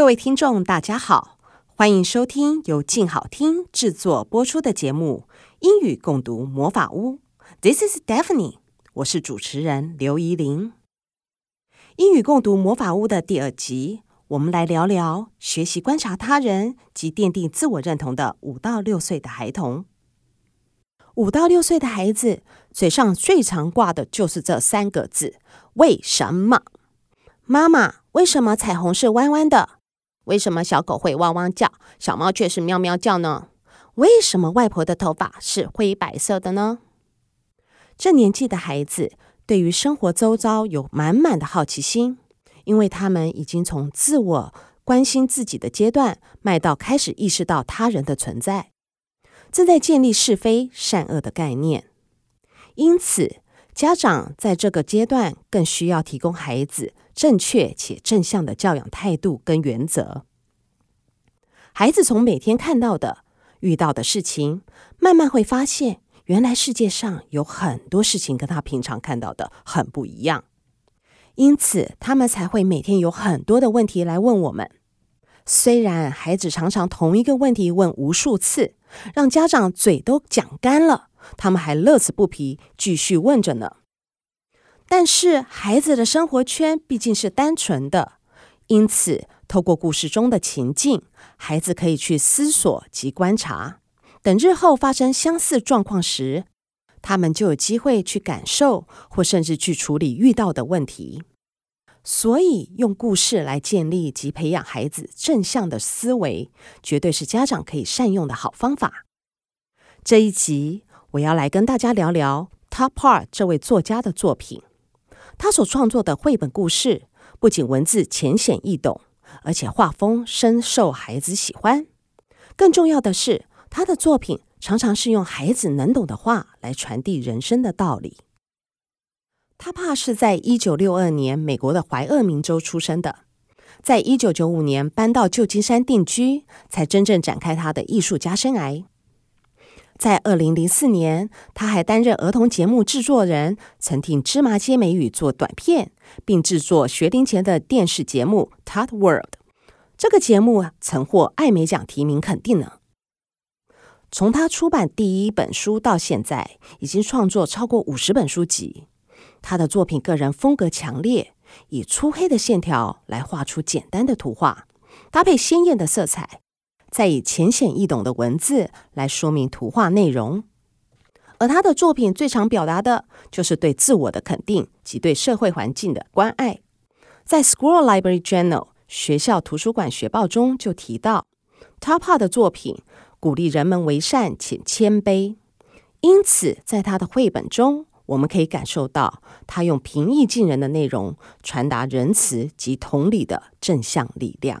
各位聽眾，大家好，歡迎收聽由靜好聽制作播出的節目《英語共讀魔法屋》。This is Stephanie，我是主持人劉怡伶。英語共讀魔法屋的第二集，我們來聊聊學習觀察他人及奠定自我認同的五到六歲的孩童。五到六歲的孩子嘴上最常掛的就是這三個字：為什麼？媽媽，為什麼彩虹是彎彎的？為什麼小狗會汪汪叫，小貓卻是喵喵叫呢？為什麼外婆的頭髮是灰白色的呢？這年紀的孩子對於生活周遭有滿滿的好奇心，因為他們已經從自我關心自己的階段邁到開始意識到他人的存在，正在建立是非善惡的概念。因此，家長在這個階段更需要提供孩子。正確且正向的教養態度跟原則，孩子從每天看到的、遇到的事情，慢慢會發現，原來世界上有很多事情跟他平常看到的很不一樣。因此，他們才會每天有很多的問題來問我們。雖然孩子常常同一個問題問無數次，讓家長嘴都講乾了，他們還樂此不疲，繼續問着呢。但是孩子的生活圈畢竟是單純的，因此，透過故事中的情境，孩子可以去思索及觀察。等日後發生相似狀況時，他們就有機會去感受或甚至去處理遇到的問題。所以，用故事來建立及培養孩子正向的思維，絕對是家長可以善用的好方法。這一集，我要來跟大家聊聊 Todd Parr 這位作家的作品。他所創作的繪本故事，不僅文字淺顯易懂，而且畫風深受孩子喜歡。更重要的是，他的作品常常是用孩子能懂的話來傳遞人生的道理。Todd Parr 是在一九六二年美國的懷俄明州出生的，在一九九五年搬到舊金山定居，才真正展開他的藝術家生涯。在二零零四年，他還擔任兒童節目製作人，曾替芝麻街美語做短片，並製作學齡前的電視節目《ToddWorld》。這個節目曾獲艾美獎提名肯定呢。從他出版第一本書到現在，已經創作超過五十本書籍。他的作品個人風格強烈，以粗黑的線條來畫出簡單的圖畫，搭配鮮豔的色彩。再以淺顯易懂的文字來說明圖畫內容，而他的作品最常表達的就是對自我的肯定及對社會環境的關愛。在《School Library Journal》學校圖書館學報中就提到，Todd Parr 的作品鼓勵人們為善且謙卑，因此在他的繪本中，我們可以感受到他用平易近人的內容傳達仁慈及同理的正向力量。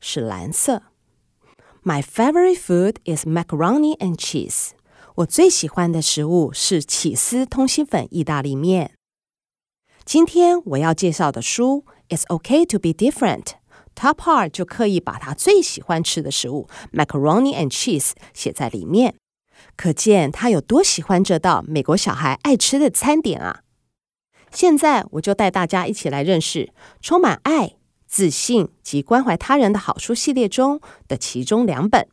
是藍色。My favorite food is macaroni and cheese。我最喜歡的食物是起司通心粉意大利麵。今天我要介紹的書《It's OK to Be Different》，Todd Parr 就刻意把他最喜歡吃的食物 macaroni and cheese 寫在裡面，可見他有多喜歡這道美國小孩愛吃的餐點啊！現在我就帶大家一起來認識，充滿愛。自信及關懷他人的好書系列中的其中兩本。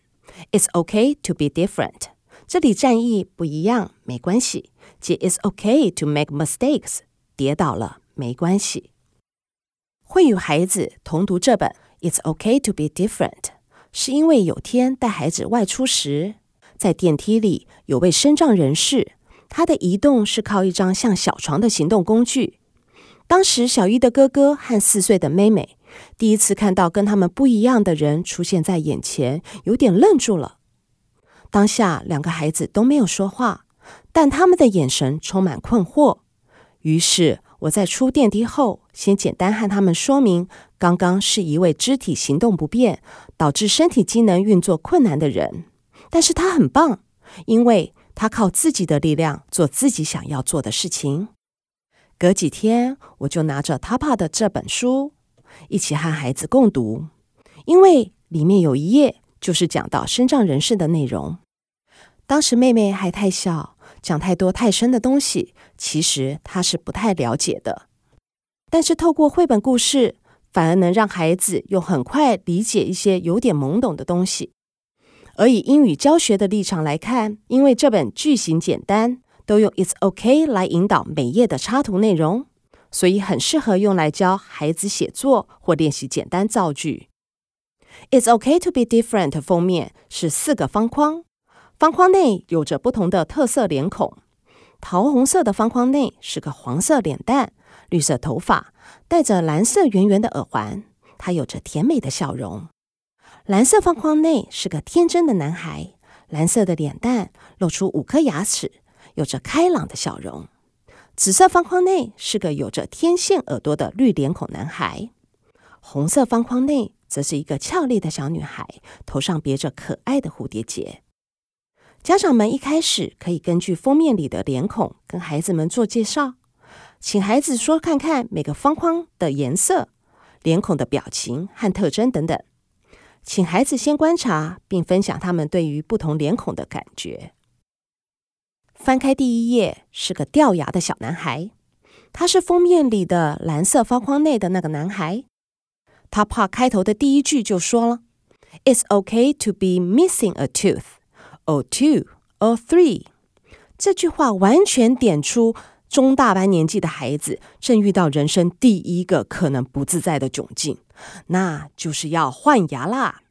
It's okay to be different。這裡戰役不一樣，沒關係。及 It's okay to make mistakes。跌倒了，沒關係。會與孩子同讀這本《It's okay to be different》，是因為有天帶孩子外出時，在電梯裡有位身障人士，他的移動是靠一張像小床的行動工具。當時小一的哥哥和四歲的妹妹。第一次看到跟他們不一樣的人出現在眼前，有點愣住了。當下，兩個孩子都沒有說話，但他們的眼神充滿困惑。於是，我在出電梯後，先簡單和他們說明，剛剛是一位肢體行動不便，導致身體機能運作困難的人，但是他很棒，因為他靠自己的力量做自己想要做的事情。隔幾天，我就拿着 Todd Parr 的這本書。一起和孩子共讀，因為裡面有一頁就是講到身障人士的內容。當時妹妹還太小，講太多太深的東西，其實她是不太了解的。但是透過繪本故事，反而能讓孩子又很快理解一些有點懵懂的東西。而以英語教學的立場來看，因為這本句型簡單，都用 "It's OK" 來引導每頁的插圖內容。所以很適合用來教孩子寫作或練習簡單造句。It's okay to be different。封面是四個方框，方框內有着不同的特色臉孔。桃紅色的方框內是個黃色臉蛋、綠色頭髮、戴着藍色圓圓的耳環，她有着甜美的笑容。藍色方框內是個天真的男孩，藍色的臉蛋露出五顆牙齒，有着開朗的笑容。紫色方框內是個有着天線耳朵的綠臉孔男孩，紅色方框內則是一個俏麗的小女孩，頭上別着可愛的蝴蝶結。家長們一開始可以根據封面裡的臉孔跟孩子們做介紹，請孩子說看看每個方框的顏色、臉孔的表情和特徵等等。請孩子先觀察並分享他們對於不同臉孔的感覺。翻開第一頁，是個掉牙的小男孩。他是封面裡的藍色方框內的那個男孩。他怕開頭的第一句就說了 “It's okay to be missing a tooth or two or three”，這句話完全點出中大班年紀的孩子正遇到人生第一個可能不自在的窘境，那就是要換牙啦。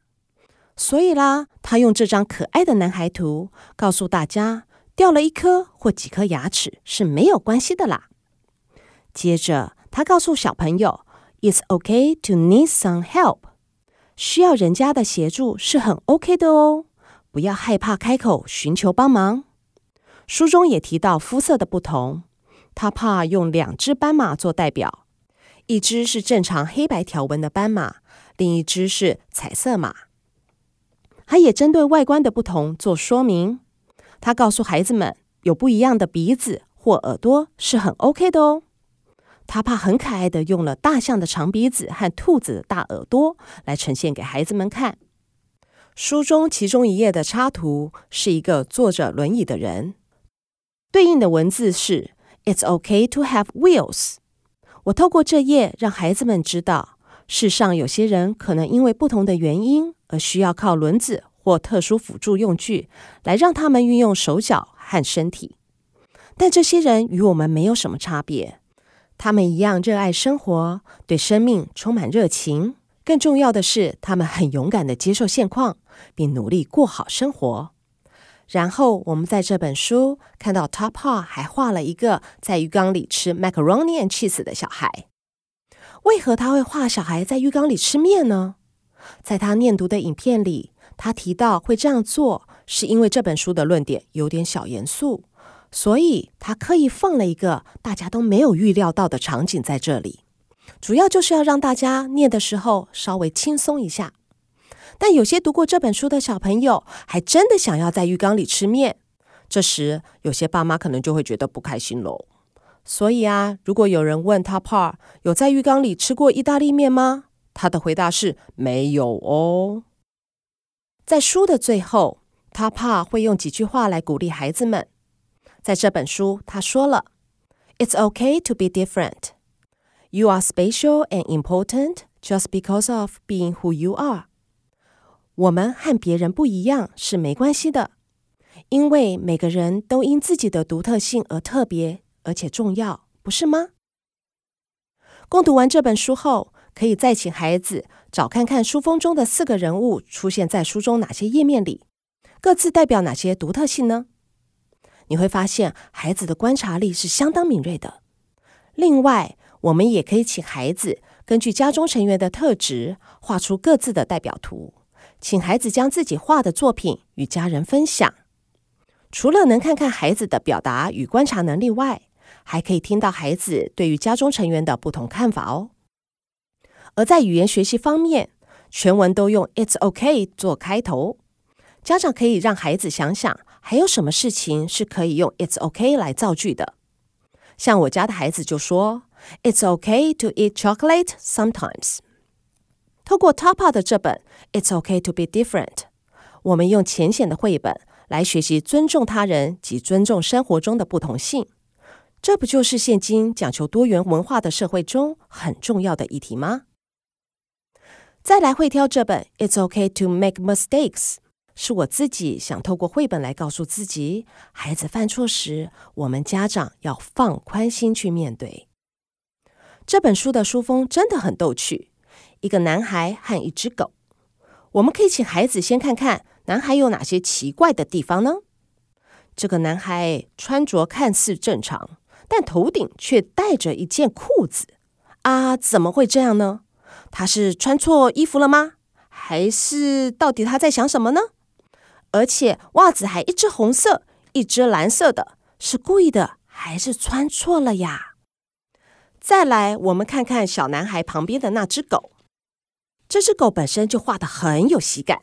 所以啦，他用這張可愛的男孩圖告訴大家。掉了一顆或幾顆牙齒是沒有關係的啦。接着，他告訴小朋友：“It's okay to need some help。需要人家的協助是很 OK 的哦，不要害怕開口尋求幫忙。”書中也提到膚色的不同，他怕用兩隻斑馬做代表，一隻是正常黑白條紋的斑馬，另一隻是彩色馬。他也針對外觀的不同做說明。他告訴孩子們，有不一樣的鼻子或耳朵是很 OK 的哦。Todd Parr 很可愛地用了大象的長鼻子和兔子的大耳朵來呈現給孩子們看。書中其中一頁的插圖是一個坐着輪椅的人，對應的文字是 "It's OK to have wheels"。我透過這頁讓孩子們知道，世上有些人可能因為不同的原因而需要靠輪子。或特殊輔助用具，來讓他們運用手腳和身體。但這些人與我們沒有什麼差別，他們一樣熱愛生活，對生命充滿熱情。更重要的是，他們很勇敢的接受現況，並努力過好生活。然後我們在這本書看到 Todd Parr 還畫了一個在浴缸裡吃 macaroni and cheese 的小孩。為何他會畫小孩在浴缸裡吃麵呢？在他念讀的影片裡。他提到會這樣做，是因為這本書的論點有點小嚴肅，所以他刻意放了一個大家都沒有預料到的場景在這裡，主要就是要讓大家念的時候稍微輕鬆一下。但有些讀過這本書的小朋友，還真的想要在浴缸裡吃麵，這時有些爸媽可能就會覺得不開心嘍。所以啊，如果有人問他，帕爾有在浴缸裡吃過意大利麵嗎？他的回答是沒有哦。在書的最後，Todd Parr 會用幾句話來鼓勵孩子們。在這本書，他說了：“It's okay to be different. You are special and important just because of being who you are.” 我們和別人不一樣是沒關係的，因為每個人都因自己的獨特性而特別，而且重要，不是嗎？共讀完這本書後，可以再請孩子。找看看書封中的四個人物出現在書中哪些頁面裡，各自代表哪些獨特性呢？你會發現孩子的觀察力是相當敏銳的。另外，我們也可以請孩子根據家中成員的特質畫出各自的代表圖，請孩子將自己畫的作品與家人分享。除了能看看孩子的表達與觀察能力外，還可以聽到孩子對於家中成員的不同看法哦。而在語言學習方面，全文都用 "It's OK" 做開頭。家長可以讓孩子想想還有什麼事情是可以用 "It's OK" 來造句的。像我家的孩子就說 "It's OK to eat chocolate sometimes"。透過 Todd Parr 的這本 "It's OK to be different"，我們用淺顯的繪本來學習尊重他人及尊重生活中的不同性。這不就是現今講求多元文化的社會中很重要的議題嗎？再來會挑這本《It's OK to Make Mistakes》，是我自己想透過繪本來告訴自己，孩子犯錯時，我們家長要放寬心去面對。這本書的書封真的很逗趣，一個男孩和一隻狗。我們可以請孩子先看看男孩有哪些奇怪的地方呢？這個男孩穿着看似正常，但頭頂卻戴着一件褲子。啊，怎麼會這樣呢？他是穿錯衣服了嗎？還是到底他在想什麼呢？而且襪子還一隻紅色，一隻藍色的，是故意的還是穿錯了呀？再來，我們看看小男孩旁邊的那隻狗。這隻狗本身就畫得很有喜感，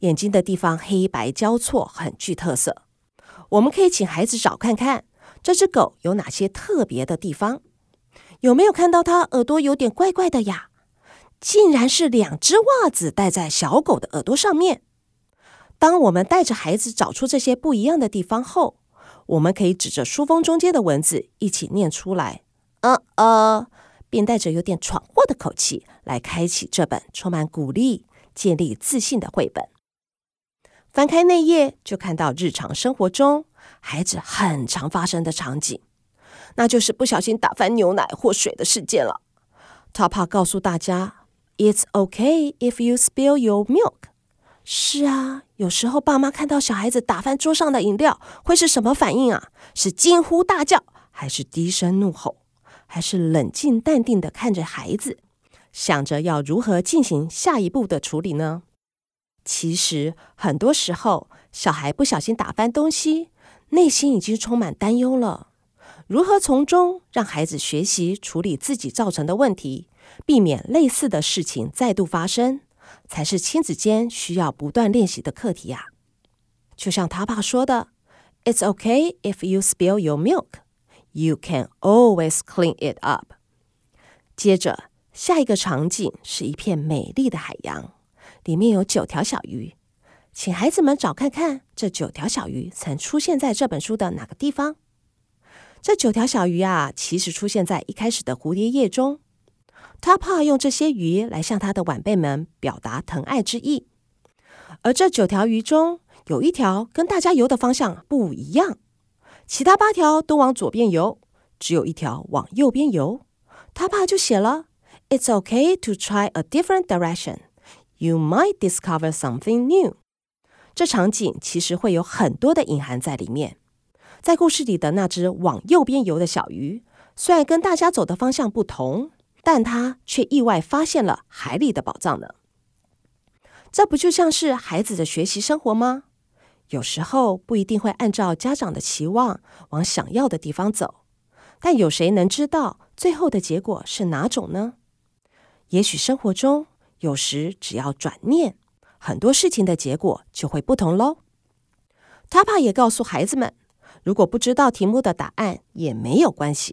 眼睛的地方黑白交錯，很具特色。我們可以請孩子找看看，這隻狗有哪些特別的地方？有沒有看到它耳朵有點怪怪的呀？竟然是兩隻襪子戴在小狗的耳朵上面。當我們帶着孩子找出這些不一樣的地方後，我們可以指着書封中間的文字一起念出來：“嗯嗯。”並帶着有點闖禍的口氣來開啟這本充滿鼓勵、建立自信的繪本。翻開內頁，就看到日常生活中孩子很常發生的場景，那就是不小心打翻牛奶或水的事件了。Todd Parr 告訴大家。It's okay if you spill your milk。是啊，有時候爸媽看到小孩子打翻桌上的飲料，會是什麼反應啊？是驚呼大叫，還是低聲怒吼？還是冷靜淡定地看着孩子，想着要如何進行下一步的處理呢？其實，很多時候，小孩不小心打翻東西，內心已經充滿擔憂了。如何從中讓孩子學習處理自己造成的問題？避免類似的事情再度發生，才是親子間需要不斷練習的課題呀、啊。就像他爸說的：“It's okay if you spill your milk, you can always clean it up。”接着，下一個場景是一片美麗的海洋，裡面有九條小魚，請孩子們找看看，這九條小魚曾出現在這本書的哪個地方？這九條小魚啊，其實出現在一開始的蝴蝶頁中。Todd Parr 用這些魚來向他的晚輩們表達疼愛之意，而這九條魚中有一條跟大家游的方向不一樣，其他八條都往左邊游，只有一條往右邊游。Todd Parr 就寫了 "It's okay to try a different direction. You might discover something new." 這場景其實會有很多的隱含在裡面。在故事裡的那隻往右邊游的小魚，雖然跟大家走的方向不同。但他卻意外發現了海裡的寶藏呢。這不就像是孩子的學習生活嗎？有時候不一定會按照家長的期望往想要的地方走，但有誰能知道最後的結果是哪種呢？也許生活中有時只要轉念，很多事情的結果就會不同嘍。Todd Parr 也告訴孩子們，如果不知道題目的答案也沒有關係，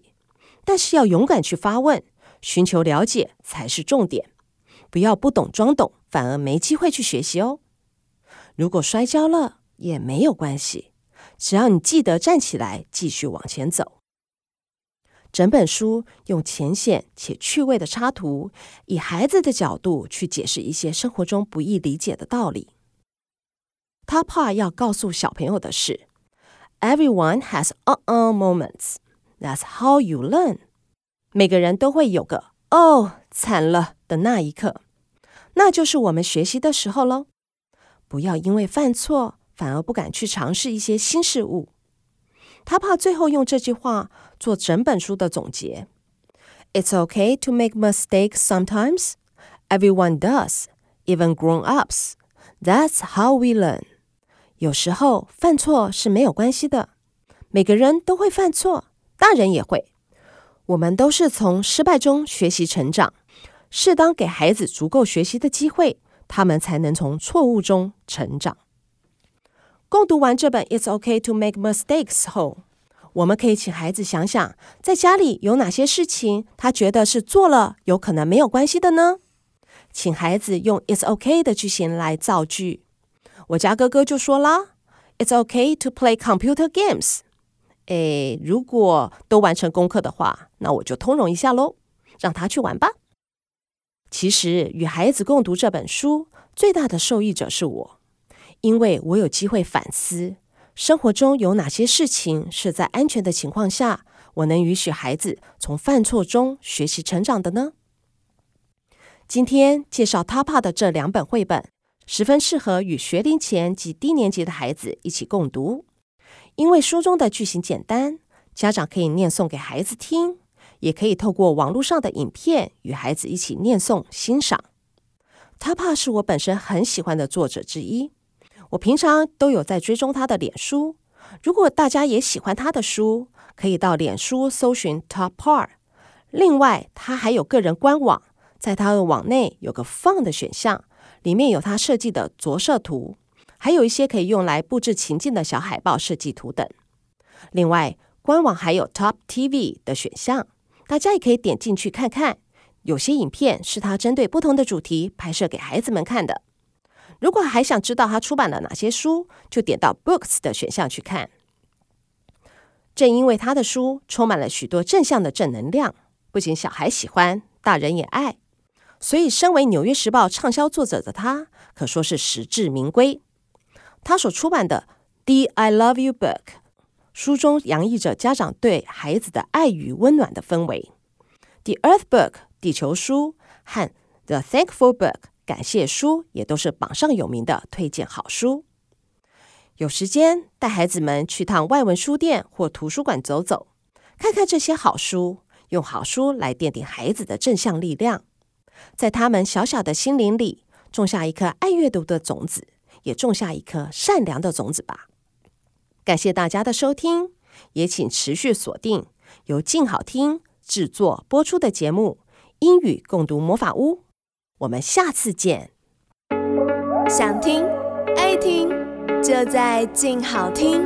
但是要勇敢去發問。尋求了解才是重點，不要不懂裝懂，反而沒機會去學習哦。如果摔跤了也沒有關係，只要你記得站起來，繼續往前走。整本書用淺顯且趣味的插圖，以孩子的角度去解釋一些生活中不易理解的道理。Todd Parr 要告訴小朋友的是：Everyone has uh-oh moments. That's how you learn. 每個人都會有個“哦，慘了”的那一刻，那就是我們學習的時候嘍。不要因為犯錯反而不敢去嘗試一些新事物。Todd Parr 最後用這句話做整本書的總結。It's okay to make mistakes sometimes. Everyone does, even grown-ups. That's how we learn. 有時候犯錯是沒有關係的。每個人都會犯錯，大人也會。我們都是從失敗中學習成長，適當給孩子足夠學習的機會，他們才能從錯誤中成長。共讀完這本《It's OK to Make Mistakes》後，我們可以請孩子想想，在家裡有哪些事情他覺得是做了有可能沒有關係的呢？請孩子用 “It's OK” 的句型來造句。我家哥哥就說啦：“It's OK to play computer games。”誒，如果都完成功課的話，那我就通融一下嘍，讓他去玩吧。其實與孩子共讀這本書，最大的受益者是我，因為我有機會反思生活中有哪些事情是在安全的情況下，我能允許孩子從犯錯中學習成長的呢？今天介紹 Todd Parr 的這兩本繪本，十分適合與學齡前及低年級的孩子一起共讀。因為書中的句型簡單，家長可以念誦給孩子聽，也可以透過網絡上的影片與孩子一起念誦欣賞。Todd Parr 是我本身很喜歡的作者之一，我平常都有在追蹤他的臉書。如果大家也喜歡他的書，可以到臉書搜尋 Todd Parr。另外，他還有個人官網，在他的網內有個 Fun 的選項，裡面有他設計的着色圖。還有一些可以用來佈置情境的小海報設計圖等。另外，官網還有 Todd TV 的選項，大家也可以點進去看看。有些影片是他針對不同的主題拍攝給孩子們看的。如果還想知道他出版了哪些書，就點到 Books 的選項去看。正因為他的書充滿了許多正向的正能量，不僅小孩喜歡，大人也愛，所以身為《紐約時報》暢銷作者的他，可說是實至名歸。他所出版的《The I Love You Book》書中洋溢着家長對孩子的愛與溫暖的氛圍，《The Earth Book》地球書和《The Thankful Book》感謝書也都是榜上有名的推薦好書。有時間帶孩子們去趟外文書店或圖書館走走，看看這些好書，用好書來奠定孩子的正向力量。在他們小小的心靈裡種下一顆愛閱讀的種子。也種下一顆善良的種子吧。感謝大家的收聽，也請持續鎖定由靜好聽制作播出的節目《英語共讀魔法屋》。我們下次見。想聽、愛聽，就在靜好聽。